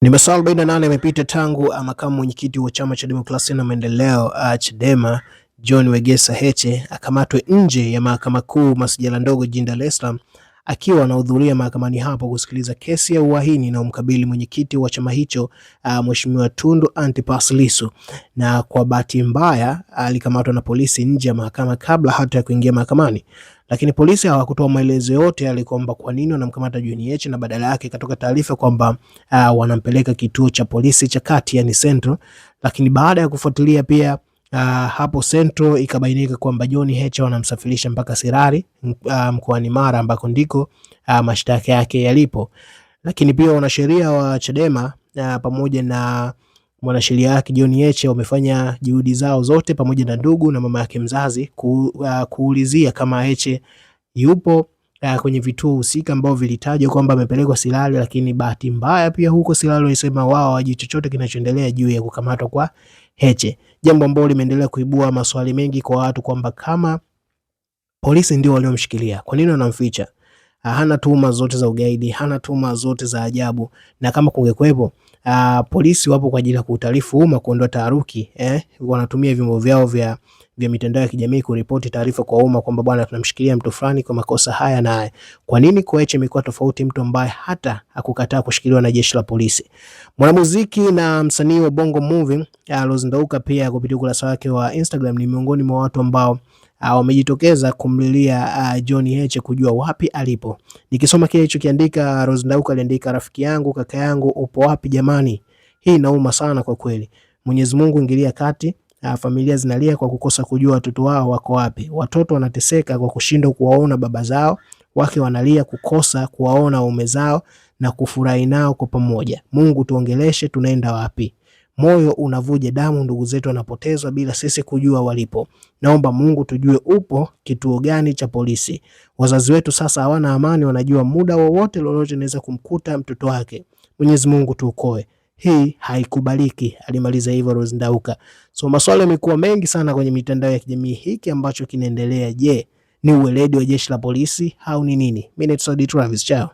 Ni masaa 48 yamepita tangu uh, makamu mwenyekiti wa chama cha demokrasia na maendeleo uh, Chadema John Wegesa Heche akamatwe nje ya mahakama kuu masijala ndogo jijini Dar es Salaam akiwa anahudhuria mahakamani hapo kusikiliza kesi ya uhaini umkabili mwenyekiti wa chama hicho uh, Mheshimiwa Tundu Antipas Lissu, na kwa bahati mbaya alikamatwa na polisi nje ya mahakama kabla hata ya kuingia mahakamani lakini polisi hawakutoa maelezo yote yale kwamba kwa nini wanamkamata John Heche, na badala yake ikatoka taarifa kwamba uh, wanampeleka kituo cha polisi cha kati, yani Central. Lakini baada ya kufuatilia pia uh, hapo Central ikabainika kwamba John Heche wanamsafirisha mpaka Sirari uh, mkoani Mara ambako ndiko uh, mashtaka yake yalipo. Lakini pia wanasheria wa Chadema uh, pamoja na mwanasheria wake John Heche wamefanya juhudi zao zote pamoja na ndugu na mama yake mzazi ku, uh, kuulizia kama Heche yupo uh, kwenye vituo husika ambao vilitajwa kwamba amepelekwa Silalo, lakini bahati mbaya pia huko Silalo walisema wao hawajui chochote kinachoendelea juu ya kukamatwa kwa Heche, jambo ambalo limeendelea kuibua maswali mengi kwa watu kwamba kama polisi ndio waliomshikilia, kwa nini wanamficha? hana tuhuma zote za ugaidi, hana tuhuma zote za ajabu, na kama kungekuwepo ah, polisi wapo kwa ajili ya kuutarifu umma, kuondoa taharuki eh, wanatumia vyombo vyao vya vya mitandao ya kijamii kuripoti taarifa kwa umma kwamba bwana, tunamshikilia mtu fulani kwa makosa haya na haya. Kwa nini Heche imekuwa tofauti, mtu ambaye hata hakukataa kushikiliwa na jeshi la polisi? Mwanamuziki na msanii wa Bongo Movie Rose eh, Ndauka pia kupitia ukurasa wake wa Instagram ni miongoni mwa watu ambao eh, wamejitokeza kumlilia uh, John Heche kujua wapi alipo. Nikisoma kile alichokiandika Rose Ndauka, aliandika rafiki yangu, kaka yangu, upo wapi jamani? Hii inauma sana kwa kweli. Mwenyezi Mungu ingilia kati Ah, familia zinalia kwa kukosa kujua watoto wao wako wapi. Watoto wanateseka kwa kushindwa kuwaona baba zao, wake wanalia kukosa kuwaona waume zao na kufurahi nao kwa pamoja. Mungu tuongeleshe, tunaenda wapi? Moyo unavuja damu, ndugu zetu wanapotezwa bila sisi kujua walipo. Naomba Mungu tujue upo kituo gani cha polisi. Wazazi wetu sasa hawana amani, wanajua muda wowote lolote naweza kumkuta mtoto wake. Mwenyezi Mungu tuokoe. Hii haikubaliki, alimaliza hivyo Rose Ndauka. So maswali yamekuwa mengi sana kwenye mitandao ya kijamii, hiki ambacho kinaendelea, je, ni uweledi wa jeshi la polisi au ni nini? Mimi ni Travis Chao.